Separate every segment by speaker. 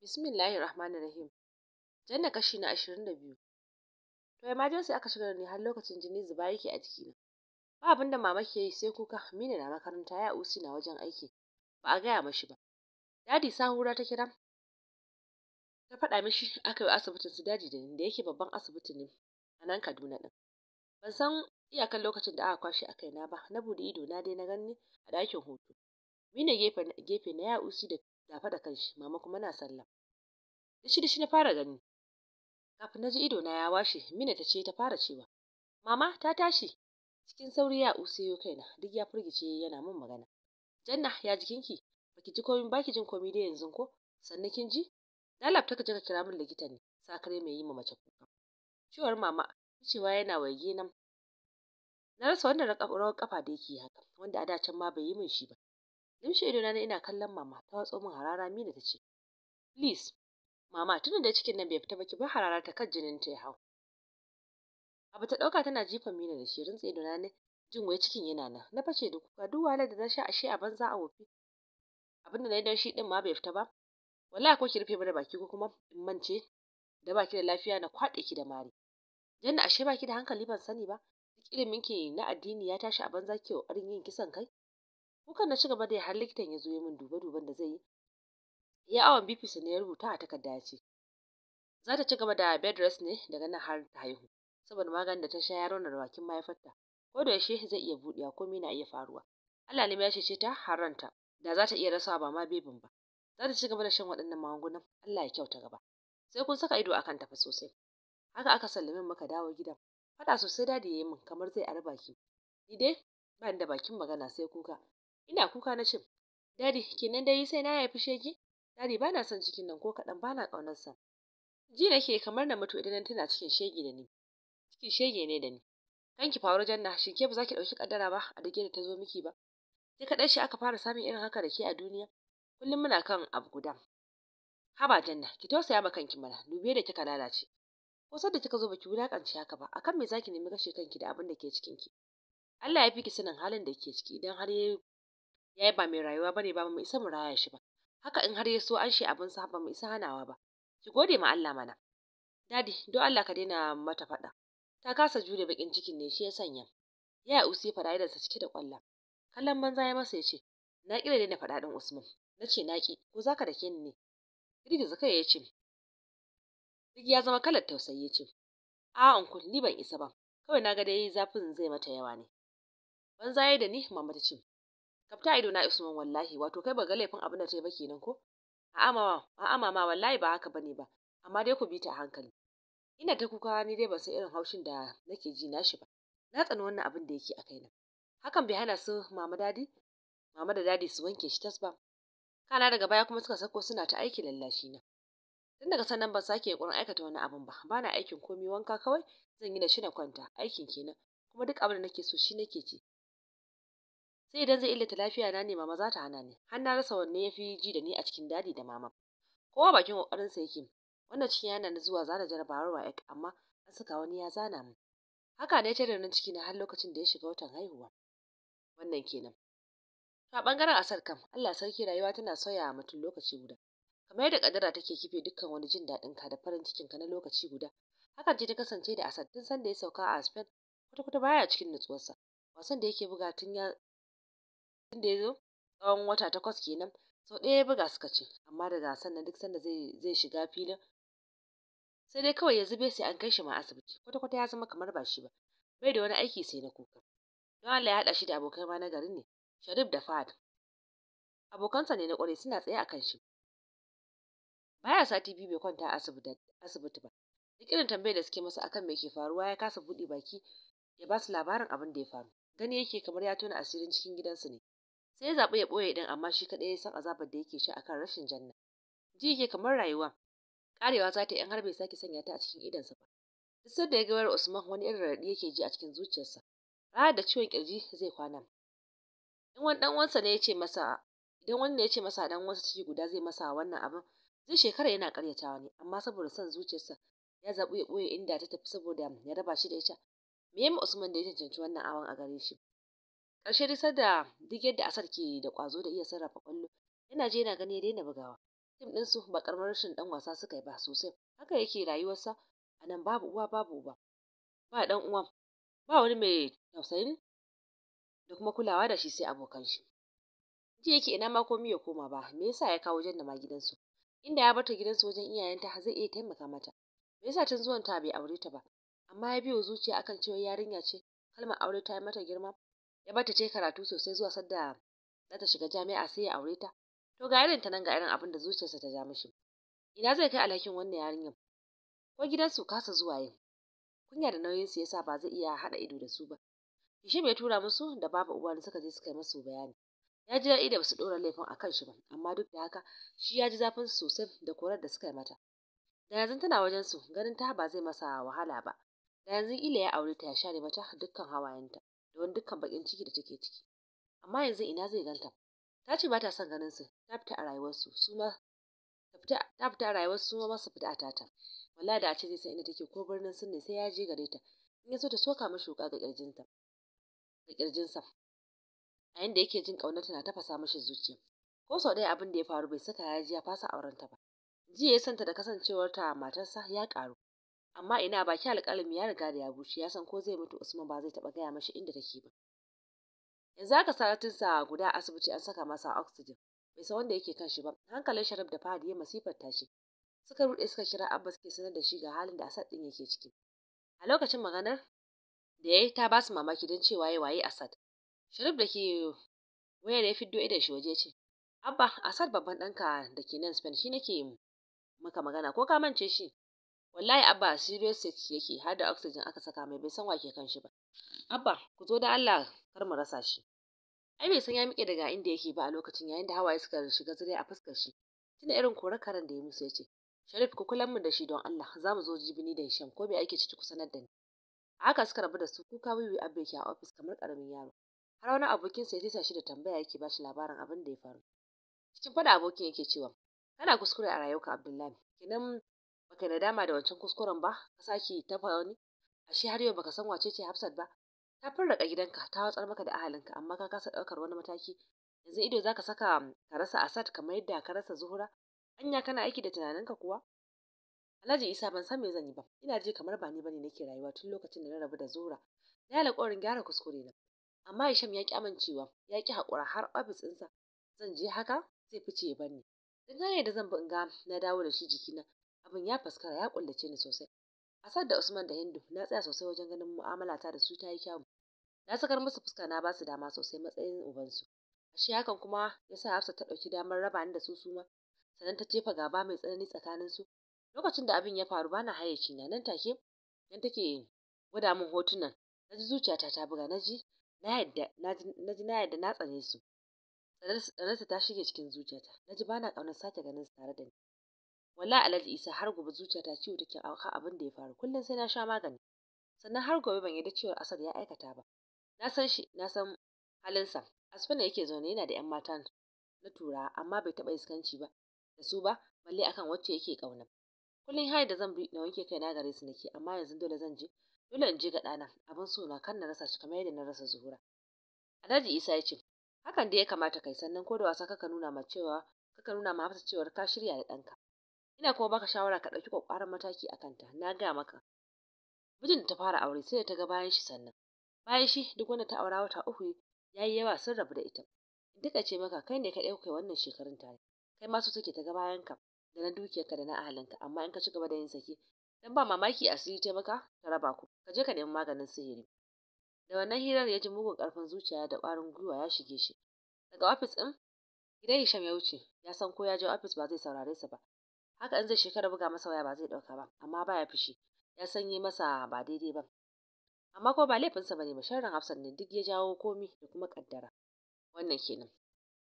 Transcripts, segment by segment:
Speaker 1: Bismillahir Rahmanir Rahim. Janna kashi na 22. To sai aka shigar ne har lokacin jini zuba yake a jikina. Ba abin da mama ke yi sai kuka Amina na makaranta ya usi na wajen aiki. Ba a gaya mashi ba. Dadi sahura ta kira. Ta faɗa mishi aka yi asibitin su daji da da yake babban asibiti ne a nan Kaduna ɗin. Ban san iyakan lokacin da aka kwashe a kaina ba na bude ido na dai na ganni a ɗakin hutu. Mina gefe na ya usi da ya faɗa kanshi mama kuma na sallah dishi dishi na fara gani kafin na ji ido na ya washe mina ta ce ta fara cewa mama ta tashi cikin sauri ya usiyo kaina duk ya firgice yana min magana janna ya jikinki baki ji komai baki jin komai da yanzu ko sannan kin ji dalab ka kaje ka kira min likita ne sakare mai yi ma mace kuka ciwar mama cewa yana waige nan na rasa wannan rawar kafa da yake haka wanda a da can ma bai yi min shi ba Limshe idona na ina kallon mama ta watso min harara Mina ta ce please mama tunda da cikin nan bai fita ba ki bar harara ta kan jinin ta ya hau. Abu ta ɗauka tana jifan Mina da shi rintsa idona na jin wai cikin yana nan na fashe da kuka duk wahalar da na sha ashe a banza a wofi abin na yi don shi din ma bai fita ba wallahi ko ki rufe mana baki ko kuma in mance da baki da lafiya na kwaɗe ki da mari janna ashe baki da hankali ban sani ba duk ilimin ki na addini ya tashi a banza ke ƙoƙarin yin kisan kai Kukan na ci gaba da har likitan ya zo ya min dube-duben da zai yi. Ya awon BP ne ya rubuta a takarda ya ce. Za ta ci gaba da bed rest ne daga nan har ta haihu. Saboda maganin da ta sha ya da bakin mahaifarta. Ko da yaushe zai iya buɗewa komai na iya faruwa. Allah ne ya cece ta har ranta. Da za ta iya rasawa ba ma bebin ba. Za ta ci gaba da shan waɗannan magungunan. Allah ya kyauta gaba. Sai kun saka ido akan fa sosai. Haka aka sallame muka dawo gidan. Faɗa sosai dadi ya yi min kamar zai arba ki. Ni dai ban da bakin magana sai kuka ina kuka na ce dadi kenan dai sai na haifi shege dadi bana son cikin nan ko kaɗan bana ƙaunarsa ji nake kamar na mutu idan tana cikin shege da ni cikin shege ne da ni kan ki faru janna shin ke ba za ki ɗauki kaddara ba a dage da ta zo miki ba ke kaɗai shi aka fara samun irin haka da ke a duniya kullum muna kan abu guda haba janna ki tausaya ma kanki mana dubiye da kika lalace ko da kika zo baki wulakanci haka ba akan me zaki nemi kashe kanki da abin da ke cikin ki Allah ya fi ki sanin halin da ke ciki idan har yayi Ya yi ba mai rayuwa bane ba mu isa mu raya shi ba haka in har ya so an shi abin sa ba mu isa hanawa ba ki gode ma Allah mana dadi don Allah ka daina mata faɗa ta kasa jure bakin cikin ne shi ya sanya ya usi fara sa cike da kwalla kallon banza ya masa ya ce na kira daina faɗa din Usman nace ce na ki ko zaka dake ni ne girgiza kai ya ce duk ya zama kalar tausayi ya ce a uncle ni ban isa ba kawai na ga dai zafin zai mata yawa ne banza yayi da ni mama ce kafta ido na Usman wallahi wato kai ba ga laifin abin da ta yi ba kenan ko a'a mama a'a wallahi ba haka bane ba amma dai ku bi ta hankali ina ta kuka ni dai ban san irin haushin da nake ji na shi ba na tsani wannan abin da yake a kaina hakan bai hana su mama dadi mama da dadi su wanke shi tas ba kana daga baya kuma suka sako suna ta aiki lallashi na tun daga sannan ban sake yunkurin aikata wani abin ba bana aikin komai wanka kawai zan yi da shi na kwanta aikin kenan kuma duk abin da nake so shi nake ci sai idan zai illata lafiya na ne mama za ta hana ni har na rasa wanne ya fi ji da ni a cikin dadi da mama kowa bakin kokarin ya yake wannan cikin yana na zuwa zana jarabawar wa amma an saka wani ya zana mu haka ne ta raunin ciki na har lokacin da ya shiga watan haihuwa wannan kenan to a bangaren asar kam Allah sarki rayuwa tana soya a mutum lokaci guda kamar yadda kadara take kife dukkan wani jin daɗin ka da farin cikin ka na lokaci guda haka ce ta kasance da asar tun sanda ya sauka a Aspen, kwata-kwata baya cikin nutsuwarsa wasan da yake buga tun ya Tunda da ya zo tsawon wata takwas kenan sau ɗaya ya buga suka ce amma da gasan nan duk sanda zai zai shiga filin sai dai kawai ya zube sai an kai shi ma asibiti kwata kwata ya zama kamar ba shi ba bai da wani aiki sai na kuka don Allah ya haɗa shi da abokai ma na garin ne Sharif da Fahad abokansa ne na ƙware suna tsaye akan shi baya sati biyu bai kwanta asibiti ba duk irin tambayar da suke masa akan me ke faruwa ya kasa buɗe baki ya basu labarin abin da ya faru gani yake kamar ya tona asirin cikin gidansu ne sai ya ya ɓoye ɗin amma shi kaɗai ya san azabar da yake sha akan rashin janna ji yake kamar rayuwa Ƙarewa za ta yi in har bai sake sanya ta a cikin idonsa ba duk sanda ya ga Usman wani irin raɗi yake ji a cikin zuciyarsa ranar da ciwon kirji zai kwana in wani dan uwansa ne ya ce masa idan wani ne ya ce masa dan uwansa ciki guda zai masa wannan abin zai shekara yana karyatawa ne amma saboda son zuciyarsa ya zaɓi ya ɓoye inda ta tafi saboda ya raba shi da ita me ya ma Usman da ya cancanci wannan awon a gare shi ƙarshe dai da duk yadda asar ke da ƙwazo da iya sarrafa ƙwallo yana je yana gani ya daina bugawa tim ɗin su ba ƙaramar rashin ɗan wasa suka yi ba sosai haka yake rayuwarsa a nan babu uwa babu uba ba ɗan uwan ba wani mai tausayin da kuma kulawa da shi sai abokan shi ji yake ina ma komai ya koma ba me yasa ya kawo jan ma gidansu inda ya bata gidansu wajen iyayenta zai iya taimaka mata me yasa tun zuwan ta bai aure ta ba amma ya biyo zuciya akan cewa yarinya ce kalmar aure ta yi mata girma ya bata ta karatu sosai zuwa sadda za ta shiga jami'a sai ya aure ta to ga irin ta nan ga irin abin da zuciyarsa ta ja mishi ina zai kai alhakin wannan yarinyar ko gidan su kasa zuwa yin kunya da nauyin su yasa ba zai iya haɗa ido da su ba Hisham ya tura musu da babu uwa da suka je suka yi masu bayani ya ji daɗi da basu ɗora laifin a kan shi ba amma duk da haka shi ya ji zafin su sosai da korar da suka yi mata da yanzu tana wajen su ganin ta ba zai masa wahala ba da yanzu ila ya aure ta ya share mata dukkan hawayenta Yawan dukkan bakin ciki da take ciki amma yanzu ina zai ganta ta ce ba ta son ganin su ta fita a rayuwarsu su ma ta fita a rayuwar su ma su fita a tata wallahi da a ce zai san inda take ko birnin sun ne sai ya je gare ta in ya so ta soka mashi wuka ga kirjinta ga kirjinsa a yanda yake jin ƙaunarta na tafasa mashi zuciya ko sau ɗaya abin da ya faru bai saka ya ji ya fasa aurenta ba jiya ya santa da kasancewarta matarsa ya karu. amma ina baki alƙalmi ya riga da ya bushe ya san ko zai mutu Usman ba zai taɓa gaya mashi inda take ba yanzu haka sa guda asibiti an saka masa oxygen bai san wanda yake kan shi ba hankalin Sharif da Fahad ya masifar tashi suka rude suka kira Abba suke sanar da shi ga halin da Asad din yake ciki a lokacin maganar da yayi ta ba su mamaki don cewa ya waye Asad Sharif da ke wayar ya fiddo idan shi waje ce Abba Asad babban ɗanka da ke nan Spain shi nake maka magana ko ka mance shi wallahi abba serious sick yake har da oxygen aka saka mai bai san wake ke shi ba abba ku zo da Allah kar mu rasa shi ai bai san ya miƙe daga inda yake ba a lokacin yayin da hawaye suka shiga zure a fuskar shi tunda irin korar karen da ya musu ya ce Sharif ku kulan mu da shi don Allah za mu zo jibini da Hisham ko bai aike ciki ku sanar da ni a haka suka rabu da su kuka wiwi abba yake a ofis kamar karamin yaro har wani abokin sa ya tisa shi da tambaya yake bashi labarin abin da ya faru cikin fada abokin yake cewa kana kuskure a rayuwarka Abdullahi kenan baka na nadama da wancan kuskuren ba ka ta tafa wani ashe har yau baka san wace ce Hafsat ba ta farraka gidanka ta watsar maka da ahalinka amma ka kasa ɗaukar wani mataki yanzu ido zaka saka ka rasa Asad kamar yadda ka rasa Zuhura anya kana aiki da tunaninka kuwa Alhaji Isa ban san me zan yi ba ina ji kamar ba ni bane nake rayuwa tun lokacin da na rabu da Zuhura na yi alƙawarin gyara kuskure na amma Isham ya ki amincewa ya ki haƙura har ofis ɗinsa zan je haka zai fice ya bar ni dan da zan bi in ga na dawo da shi jikina abin ya faskara ya kullace ni sosai asad da usman da hindu na tsaya sosai wajen ganin mu'amala ta da su ta yi kyau. na sakar musu fuska na ba su dama sosai matsayin ubansu ashe hakan kuma ya sa hafsa ta ɗauki damar raba ni da su suma sannan ta jefa gaba mai tsanani tsakanin su lokacin da abin ya faru bana hayyaci na nan take nan take gwada min hotunan na ji zuciyata ta buga na ji na yadda na yadda na tsane su tsanarsa ta shige cikin zuciyata na ji bana ƙaunar sake ganin su tare da ni wallahi alhaji isa har gobe zuciyata ciwo take auka abin da ya faru kullum sai na sha magani sannan har gobe ban yadda cewa asad ya aikata ba na san shi na san halinsa asfana yake zaune yana da yan mata na tura amma bai taba iskanci ba da su ba balle akan wacce yake kauna kullum har da zan bi na wanke na gare su nake amma yanzu dole zan je dole in je ga ɗana abin so na kan na rasa shi kamar yadda na rasa zuhura alhaji isa ya ce hakan da ya kamata kai sannan ko da wasa kaka nuna ma cewa kaka nuna ma hafsa cewar ka shirya da ɗanka ina kuma baka shawara ka ɗauki ƙwaƙƙwaran mataki a kanta na gaya maka mijin da ta fara aure sai da ta ga bayan shi sannan bayan shi duk wanda ta aura wata uku ya yi yawa sun rabu da ita duka ce maka kai ne ka ɗauke wannan shekarun tare kai ma so take ta ga bayan ka da na dukiyarka da na ahalinka amma in ka ci gaba da yin sake dan ba mamaki asiri ta maka ta raba ku ka je ka nemi maganin sihiri da wannan hirar ya ji mugun ƙarfin zuciya da ƙwarin gwiwa ya shige shi daga ofis ɗin gidan Hisham ya wuce ya san ko ya je ofis ba zai saurare sa ba haka in zai shekara buga masa waya ba zai ɗauka ba amma baya fushi ya sanye masa ba daidai ba amma ko ba laifinsa bane ba sharrin Hafsat ne duk ya jawo komi da kuma kaddara wannan kenan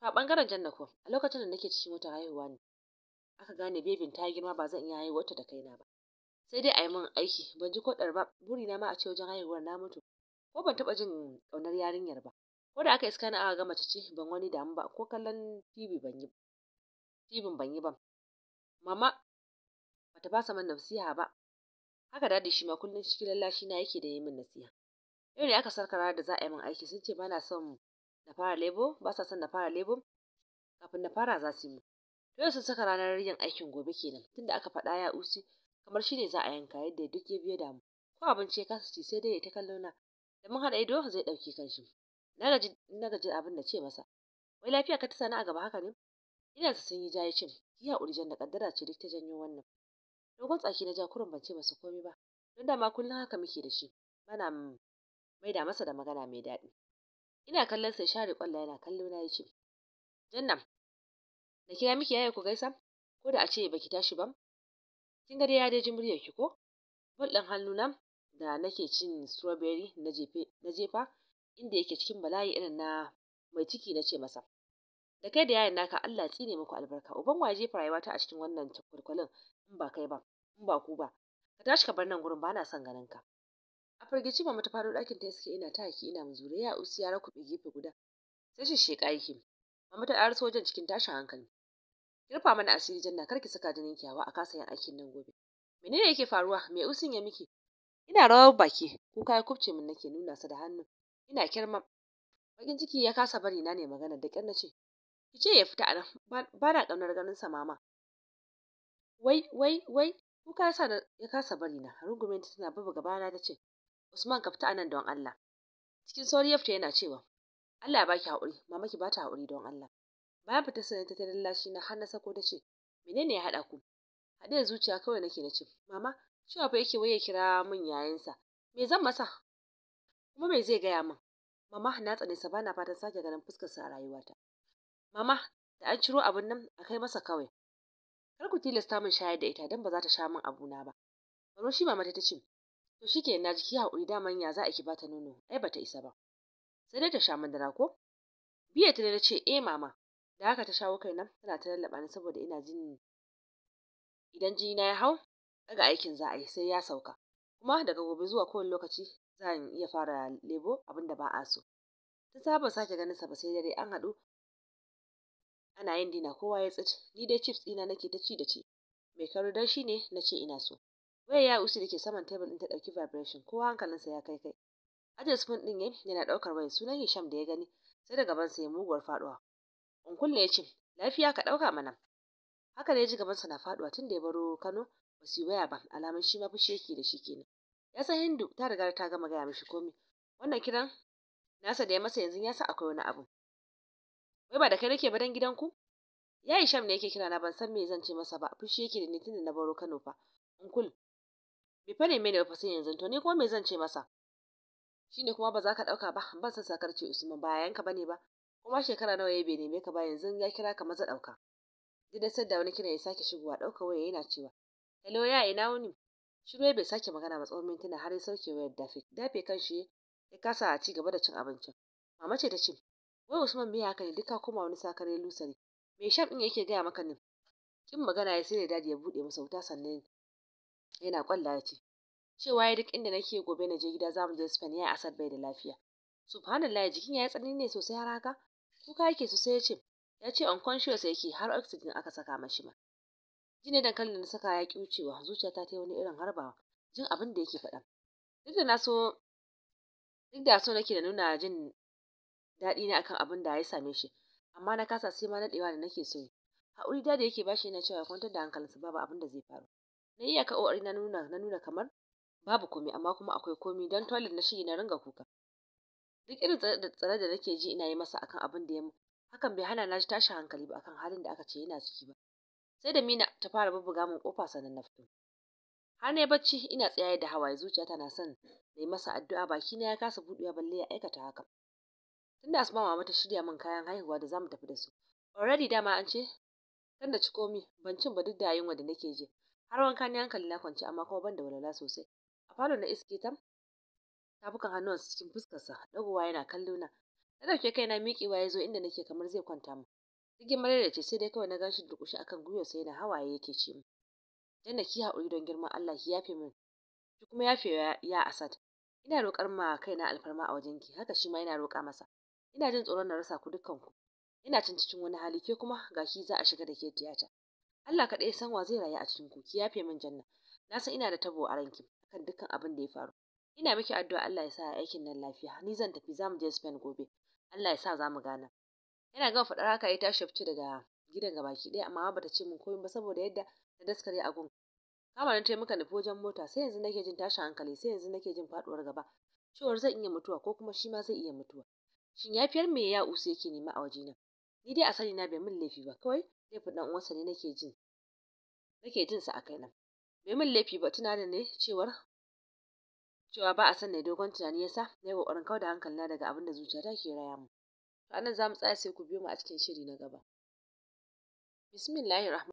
Speaker 1: to a bangaren Janna ko a lokacin da nake cikin wata haihuwa ne aka gane bebin ta girma ba zan iya haihuwar ta da kaina ba sai dai a yi min aiki ban ji ko ba burina ma a ce wajen haihuwar na mutu ko ban taɓa jin ƙaunar yarinyar ba ko da aka iska na aka ga mace ce ban wani damu ba ko kallon tv ban yi ban yi ba Mama bata fasa min nasiha ba. Haka dadi shi ma kullun cikin lallashi na yake da yi min nasiha. Yau ne aka saka da za a yi min aiki sun ce ba son na fara lebo, ba sa son na fara lebo. Kafin na fara za su yi min. Yau sun saka ranar yin aikin gobe kenan tunda aka faɗa ya usi kamar shi ne za a yanka yadda duk ya biya mu Ko abinci ya kasa ci sai dai ya ta kallo na. Da mun haɗa ido zai ɗauki kanshi. Na gaji na abin da ce masa. Wai lafiya ka ta sani a gaba haka ne? Idansa sun yi ja cin. Jiya, Urjan, da kaddara ce duk ta janyo wannan dogon tsaki na ja ban ce masa komai ba don dama kullum haka muke da shi bana mai da masa da magana mai daɗi ina kallon sai share kwalla yana kallo na yace jannan da kira miki yaya ku gaisa ko da a ce baki tashi ba kin ga dai ya dai muryar ki ko bol ɗin hannu na da nake cin strawberry na jefa inda yake cikin bala'i irin na mai ciki na ce masa da kai da yayin naka Allah tsine muku albarka uban waje jefa rayuwata a cikin wannan kwalkwalin in ba kai ba in ba ku ba ka tashi ka bar nan gurin ba na son ganin ka a firgici ba mata faɗo ɗakin ta iske ina ta ina mu muzure ya usi ya rakuɓe gefe guda sai shi ya yake mama ta ƙaraso wajen cikin tashin hankali kirfa mana asiri janna kar ki saka jinin kiyawa a kasa yin aikin nan gobe menene yake faruwa me usin ya miki ina rawar baki kuka ya kubce min nake nuna sa da hannu ina kirma bakin ciki ya kasa bari na ne magana da kyan nace ki ce ya fita a nan ba na ƙaunar ganinsa mama wai wai wai kuka yasa ya kasa bari na rungumen ta tana babu gabana ta ce Usman ka fita a don Allah cikin sauri ya fita yana cewa Allah ya baki haƙuri mama ki bata haƙuri don Allah bayan fita sanin ta lallashi na har na sako ta ce menene ya haɗa ku haɗe zuciya kawai nake na mama cewa fa yake waye kira min yayansa me zan masa kuma me zai gaya min mama na tsane sa bana fatan sake ganin fuskar sa a rayuwata mama da an ciro abun nan a kai masa kawai kar ku tilasta min shayar da ita don ba za ta sha min abu na ba shi mama ta ce to shike na jiki haƙuri daman ya za a ki bata nono ai bata isa ba sai dai ta sha min dara ko biya ta da ce eh mama da haka ta shawo nan tana ta lallaba ni saboda ina jin idan jini na ya hau daga aikin za a yi sai ya sauka kuma daga gobe zuwa kowane lokaci za iya fara lebo abin da ba a so ta saba sake ganin sa ba sai dare an haɗu ana yin dina kowa ya tsit ni dai chips ɗina nake ta ci da ci mai karo dan shine ne na ce ina so waya ya usi dake saman table ɗin ta ɗauki vibration kowa hankalinsa ya kai kai aje spoon ɗin yayin yana daukar waya sunan Hisham da ya gani sai daga da sa ya muguwar faɗuwa unkulle ya ce lafiya ka ɗauka mana haka ne ya ji gaban sa na faduwa tun da ya baro Kano ba su yi waya ba alamar shi ma fushi yake da shi kenan ya san Hindu ta riga ta gama gaya mishi komai wannan kiran nasa da ya masa yanzu ya sa akwai wani abu wai ba da kai nake ba dan gidanku ya yi sham ne yake kira na ban san me zan ce masa ba fushi yake da ni tunda na baro Kano fa unkul bi fa me ne ba fasin yanzu to ni kuma me zan ce masa shine kuma ba za ka dauka ba ban san sakar ce Usman ba yayanka bane ba kuma shekara nawa ya bai neme ka ba yanzu ya kira ka maza dauka da sadda wani kira ya sake shigowa dauka waya yana cewa hello ya ina wuni shiru bai sake magana ba tsawon mintuna har ya sauke wayar dafe dafe kan shi ya kasa a ci gaba da cin abincin mama ce ta ce wai Usman me haka ne duk ka koma wani sakare ne me shaf din yake gaya maka ne kin magana ya sai da dadi ya bude masa wuta sannan yana kwalla ya ce cewa ya duk inda nake gobe na je gida zamu je Spain ya asar bai da lafiya subhanallah jikin ya tsanani ne sosai har haka kuka yake sosai ya ce ya ce unconscious yake har oxygen aka saka mashi ma jini dankalin da na saka ya ki wucewa zuciyata ta yi wani irin harbawa jin abin da yake faɗa duk da na so duk da so nake da nuna jin daɗi ne akan abin da ya same shi amma na kasa sai ma ɗewa da nake so haƙuri da yake bashi yana cewa kwantar da hankalinsa babu abin da zai faru na yi aka ƙoƙari na nuna na nuna kamar babu komai amma kuma akwai komai don tolin na shige na ringa kuka duk irin tsare da nake ji ina yi masa akan abin da ya mu hakan bai hana na ji tashin hankali ba akan halin da aka ce yana ciki ba sai da mina ta fara bubbuga min kofa sanan na fito har ne bacci ina tsaye da hawaye zuciyata na son na yi masa addu'a baki na ya kasa buɗewa balle ya aikata haka. tun da asuba mama ta shirya min kayan haihuwa da zamu tafi da su already dama an ce kan da ci komi ban cin ba duk da yunwa da nake je. har wanka ni hankali na kwance amma kuma ban da walwala sosai a falo na iske tam tafukan su cikin fuskarsa dagowa yana kallo na na dauke kaina miƙewa ya zo inda nake kamar zai kwanta mu rigin marere ce sai dai kawai na gashi durƙushe akan sai na hawaye yake ce min janna ki haƙuri don girman Allah ki yafe min ki kuma yafe ya Asad ina roƙar ma kaina alfarma a wajenki haka shi ma yana roƙa masa ina jin tsoron na rasa ku dukanku ina cin cikin wani hali ke kuma gaki za a shiga da ke tiyata Allah kaɗai san wa zai rayu a cikin ku ki yafe min janna na san ina da tabo a ranki kan dukkan abin da ya faru ina miki addu'a Allah ya sa aikin nan lafiya ni zan tafi zamu je Spain gobe Allah ya sa zamu gana yana gama faɗar haka ya tashi fice daga gidan gabaki ɗaya amma bata ce min komai ba saboda yadda ta daskare a gun kama na taimaka nufi wajen mota sai yanzu nake jin tashin hankali sai yanzu nake jin faɗuwar gaba cewar zan iya mutuwa ko kuma shi ma zai iya mutuwa shin yafiyar me ya use yake nema a wajena ni dai a sani na bai min laifi ba kawai laifin dan uwansa ne nake jin nake jin sa a kaina bai min laifi ba tuna ne cewar cewa ba a san ne dogon tunani yasa na yi kokarin da hankalina daga abin da zuciyata ke raya mu to anan zamu tsaya sai ku biyo mu a cikin shiri na gaba bismillahir